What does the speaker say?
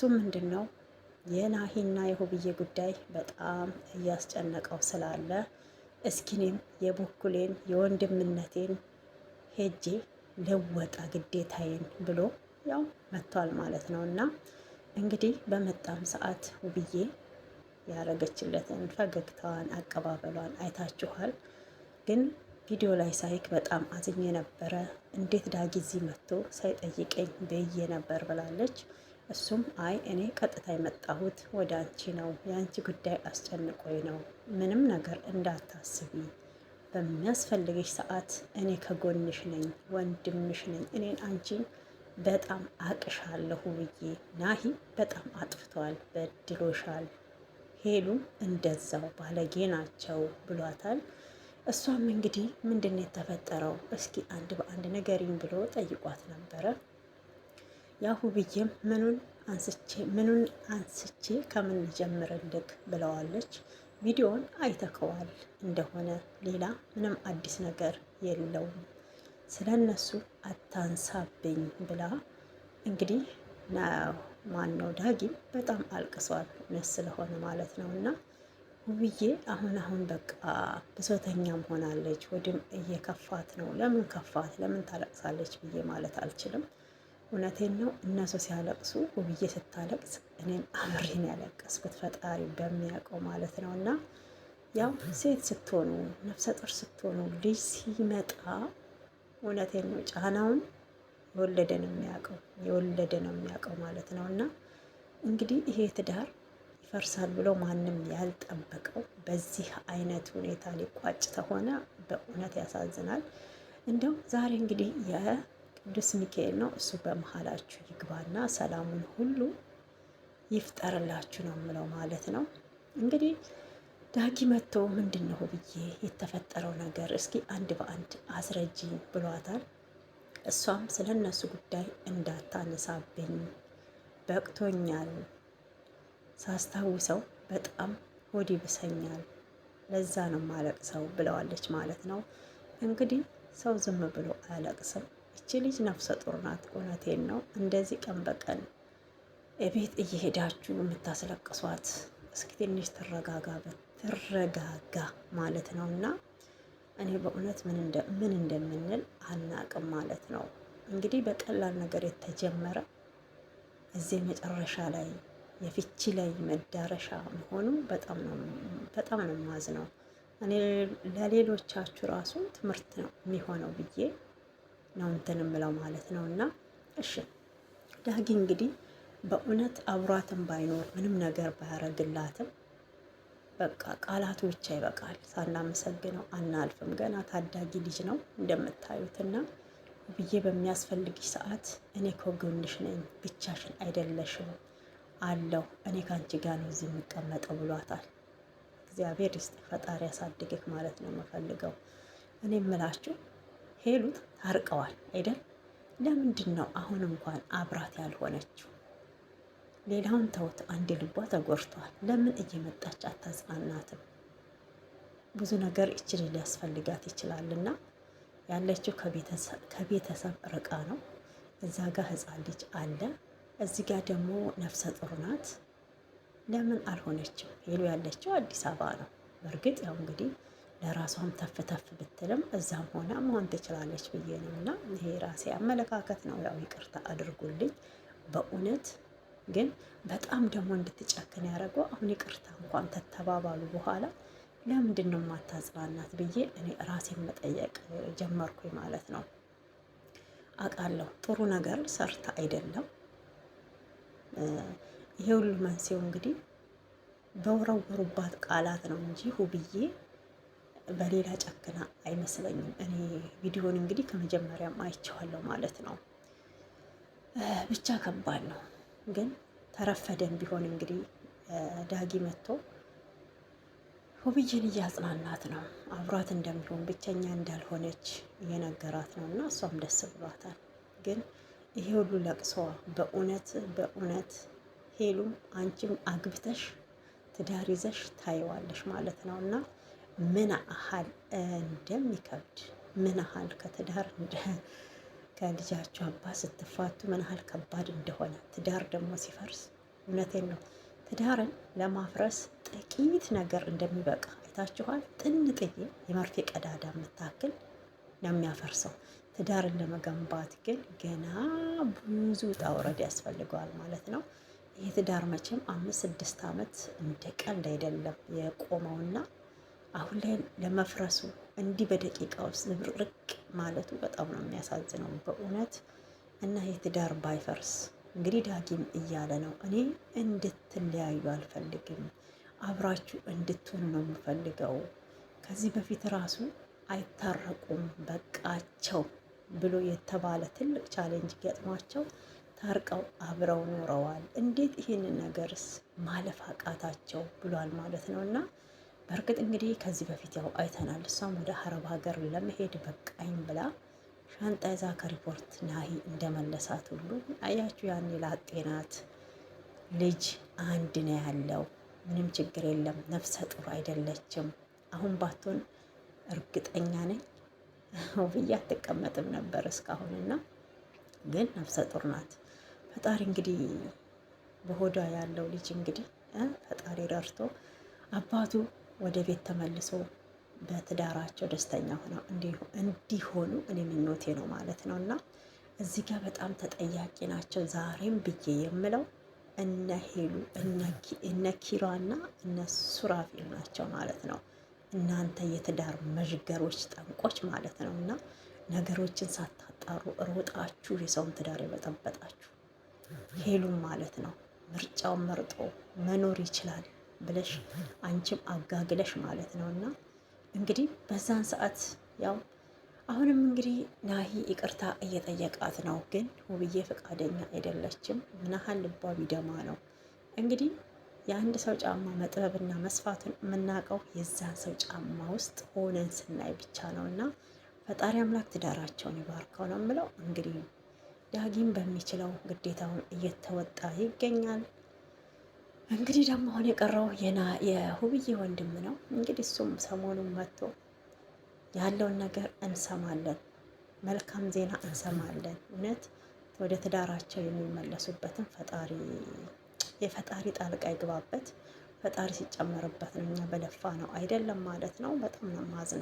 እሱ ምንድን ነው የናሂና የሁብዬ ጉዳይ በጣም እያስጨነቀው ስላለ እስኪኔም የበኩሌን የወንድምነቴን ሄጄ ልወጣ ግዴታዬን ብሎ ያው መጥቷል ማለት ነው። እና እንግዲህ በመጣም ሰዓት ሁብዬ ያረገችለትን ፈገግታዋን፣ አቀባበሏን አይታችኋል። ግን ቪዲዮ ላይ ሳይክ በጣም አዝኜ ነበረ። እንዴት ዳጊ እዚህ መጥቶ ሳይጠይቀኝ በዬ ነበር ብላለች። እሱም አይ እኔ ቀጥታ የመጣሁት ወደ አንቺ ነው፣ የአንቺ ጉዳይ አስጨንቆኝ ነው፣ ምንም ነገር እንዳታስቢ፣ በሚያስፈልግሽ ሰዓት እኔ ከጎንሽ ነኝ፣ ወንድምሽ ነኝ፣ እኔን አንቺ በጣም አቅሻለሁ ብዬ ናሂ በጣም አጥፍቷል፣ በድሎሻል፣ ሄሉም እንደዛው ባለጌ ናቸው ብሏታል። እሷም እንግዲህ ምንድን ነው የተፈጠረው? እስኪ አንድ በአንድ ነገሪኝ ብሎ ጠይቋት ነበረ። ብዬም ምኑን አንስቼ ምኑን አንስቼ ከምን ጀምርልክ ብለዋለች። ቪዲዮውን አይተከዋል እንደሆነ ሌላ ምንም አዲስ ነገር የለውም። ስለ እነሱ አታንሳብኝ ብላ እንግዲህ ማን ነው ዳጊም በጣም አልቅሷል እውነት ስለሆነ ማለት ነው እና ውብዬ አሁን አሁን በቃ ብሶተኛም ሆናለች። ወድም እየከፋት ነው። ለምን ከፋት ለምን ታለቅሳለች ብዬ ማለት አልችልም። እውነቴን ነው። እነሱ ሲያለቅሱ ውብዬ ስታለቅስ እኔም አብሬን ያለቀስኩት ፈጣሪ በሚያውቀው ማለት ነው። እና ያው ሴት ስትሆኑ ነፍሰ ጡር ስትሆኑ ልጅ ሲመጣ እውነቴን ነው ጫናውን የወለደ ነው የሚያውቀው የወለደ ነው የሚያውቀው ማለት ነው። እና እንግዲህ ይሄ ትዳር ይፈርሳል ብሎ ማንም ያልጠበቀው በዚህ አይነት ሁኔታ ሊቋጭ ተሆነ በእውነት ያሳዝናል። እንደው ዛሬ እንግዲህ ቅዱስ ሚካኤል ነው። እሱ በመሀላችሁ ይግባና ሰላሙን ሁሉ ይፍጠርላችሁ ነው የምለው ማለት ነው። እንግዲህ ዳጊ መጥቶ ምንድን ነው ብዬ የተፈጠረው ነገር እስኪ አንድ በአንድ አስረጂ ብሏታል። እሷም ስለ እነሱ ጉዳይ እንዳታነሳብኝ በቅቶኛል፣ ሳስታውሰው በጣም ሆድ ይብሰኛል፣ ለዛ ነው ማለቅሰው ብለዋለች ማለት ነው። እንግዲህ ሰው ዝም ብሎ አያለቅስም። እቺ ልጅ ነፍሰ ጡር ናት። እውነቴን ነው። እንደዚህ ቀን በቀን ቤት እየሄዳችሁ የምታስለቅሷት እስኪ ትንሽ ትረጋጋ ትረጋጋ ማለት ነው። እና እኔ በእውነት ምን እንደምንል አናቅም ማለት ነው። እንግዲህ በቀላል ነገር የተጀመረ እዚህ መጨረሻ ላይ የፍቺ ላይ መዳረሻ መሆኑ በጣም ነው ማዝ ነው። እኔ ለሌሎቻችሁ ራሱ ትምህርት ነው የሚሆነው ብዬ ነው እንትን የምለው ማለት ነው። እና እሺ ዳጊ እንግዲህ በእውነት አብሯትም ባይኖር ምንም ነገር ባያረግላትም በቃ ቃላቱ ብቻ ይበቃል። ሳናመሰግነው አናልፍም። ገና ታዳጊ ልጅ ነው እንደምታዩት እና ብዬ በሚያስፈልግሽ ሰዓት እኔ ከጎንሽ ነኝ፣ ብቻሽን አይደለሽም አለው። እኔ ከአንቺ ጋር ነው እዚህ የሚቀመጠው ብሏታል። እግዚአብሔር ይስጥ ፈጣሪ ያሳድግህ ማለት ነው የምፈልገው እኔ የምላችሁ ሄሉ ታርቀዋል አይደል? ለምንድን ነው አሁን እንኳን አብራት ያልሆነችው? ሌላውን ተውት፣ አንድ ልቧ ተጎርቷል? ለምን እየመጣች አታጽናናትም? ብዙ ነገር እችል ሊያስፈልጋት ይችላልና ያለችው ከቤተሰብ ርቃ ነው። እዛ ጋር ህፃን ልጅ አለ፣ እዚህ ጋር ደግሞ ነፍሰ ጡር ናት። ለምን አልሆነችም? ሄሉ ያለችው አዲስ አበባ ነው። በእርግጥ ያው እንግዲህ ለራሷም ተፍ ተፍ ብትልም እዛም ሆነ መሆን ትችላለች ብዬ ነው እና ይሄ ራሴ አመለካከት ነው። ያው ይቅርታ አድርጉልኝ በእውነት ግን በጣም ደግሞ እንድትጨክን ያደረገው አሁን ይቅርታ እንኳን ተተባባሉ በኋላ ለምንድን ነው የማታጽናናት ብዬ እኔ ራሴን መጠየቅ ጀመርኩኝ ማለት ነው። አውቃለሁ ጥሩ ነገር ሰርታ አይደለም። ይሄ ሁሉ መንስኤው እንግዲህ በወረወሩባት ቃላት ነው እንጂ ሁብዬ በሌላ ጨክና አይመስለኝም። እኔ ቪዲዮን እንግዲህ ከመጀመሪያም አይቼዋለሁ ማለት ነው። ብቻ ከባድ ነው ግን ተረፈደን ቢሆን እንግዲህ ዳጊ መጥቶ ሁብዬን እያጽናናት ነው። አብሯት እንደሚሆን ብቸኛ እንዳልሆነች እየነገራት ነው እና እሷም ደስ ብሏታል። ግን ይሄ ሁሉ ለቅሷ በእውነት በእውነት ሄሉም አንቺም አግብተሽ ትዳር ይዘሽ ታየዋለሽ ማለት ነው እና ምን ያህል እንደሚከብድ ምን ያህል ከትዳር ከልጃቸው አባት ስትፋቱ ምን ያህል ከባድ እንደሆነ ትዳር ደግሞ ሲፈርስ እውነቴን ነው። ትዳርን ለማፍረስ ጥቂት ነገር እንደሚበቃ አይታችኋል። ጥንጥዬ የመርፌ ቀዳዳ የምታክል ነው የሚያፈርሰው። ትዳርን ለመገንባት ግን ገና ብዙ ውጣ ውረድ ያስፈልገዋል ማለት ነው። ይህ ትዳር መቼም አምስት ስድስት ዓመት እንደ ቀልድ አይደለም የቆመውና አሁን ላይ ለመፍረሱ እንዲህ በደቂቃ ውስጥ ዝብርቅ ማለቱ በጣም ነው የሚያሳዝነው በእውነት እና የትዳር ባይፈርስ እንግዲህ ዳጊም እያለ ነው። እኔ እንድትለያዩ አልፈልግም፣ አብራችሁ እንድትሆኑ ነው የምፈልገው። ከዚህ በፊት ራሱ አይታረቁም በቃቸው ብሎ የተባለ ትልቅ ቻሌንጅ ገጥሟቸው ታርቀው አብረው ኖረዋል። እንዴት ይህንን ነገርስ ማለፍ አቃታቸው ብሏል ማለት ነው እና በእርግጥ እንግዲህ ከዚህ በፊት ያው አይተናል። እሷም ወደ አረብ ሀገር ለመሄድ በቃኝ ብላ ሻንጣ ይዛ ከሪፖርት ናሂ እንደመለሳት ሁሉ አያችሁ፣ ያኔ ላጤናት ልጅ አንድ ነው ያለው፣ ምንም ችግር የለም፣ ነፍሰ ጡር አይደለችም። አሁን ባትሆን እርግጠኛ ነኝ ውብዬ አትቀመጥም ነበር እስካሁን እና ግን ነፍሰ ጡር ናት። ፈጣሪ እንግዲህ በሆዷ ያለው ልጅ እንግዲህ ፈጣሪ ረድቶ አባቱ ወደ ቤት ተመልሶ በትዳራቸው ደስተኛ ሆነው እንዲሆኑ እኔ ምኞቴ ነው ማለት ነው። እና እዚህ ጋር በጣም ተጠያቂ ናቸው ዛሬም ብዬ የምለው እነ ሄሉ እነ ኪራና እነ ሱራፊል ናቸው ማለት ነው። እናንተ የትዳር መዥገሮች፣ ጠንቆች ማለት ነው እና ነገሮችን ሳታጣሩ ሮጣችሁ የሰውን ትዳር የበጠበጣችሁ ሄሉም ማለት ነው ምርጫውን መርጦ መኖር ይችላል ብለሽ አንቺም አጋግለሽ ማለት ነው። እና እንግዲህ በዛን ሰዓት ያው አሁንም እንግዲህ ናሂ ይቅርታ እየጠየቃት ነው። ግን ውብዬ ፈቃደኛ አይደለችም። ምን ያህል ልቧ ቢደማ ነው እንግዲህ የአንድ ሰው ጫማ መጥበብና መስፋቱን የምናውቀው የዛን ሰው ጫማ ውስጥ ሆነን ስናይ ብቻ ነው። እና ፈጣሪ አምላክ ትዳራቸውን ይባርከው ነው የምለው። እንግዲህ ዳጊም በሚችለው ግዴታውን እየተወጣ ይገኛል። እንግዲህ ደግሞ አሁን የቀረው የና የሁብዬ ወንድም ነው። እንግዲህ እሱም ሰሞኑን መጥቶ ያለውን ነገር እንሰማለን፣ መልካም ዜና እንሰማለን። እውነት ወደ ትዳራቸው የሚመለሱበትን ፈጣሪ የፈጣሪ ጣልቃ ይግባበት። ፈጣሪ ሲጨመርበት ነው እኛ በለፋ ነው አይደለም ማለት ነው። በጣም ነው ማዝ ነው